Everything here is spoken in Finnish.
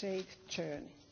safe journey.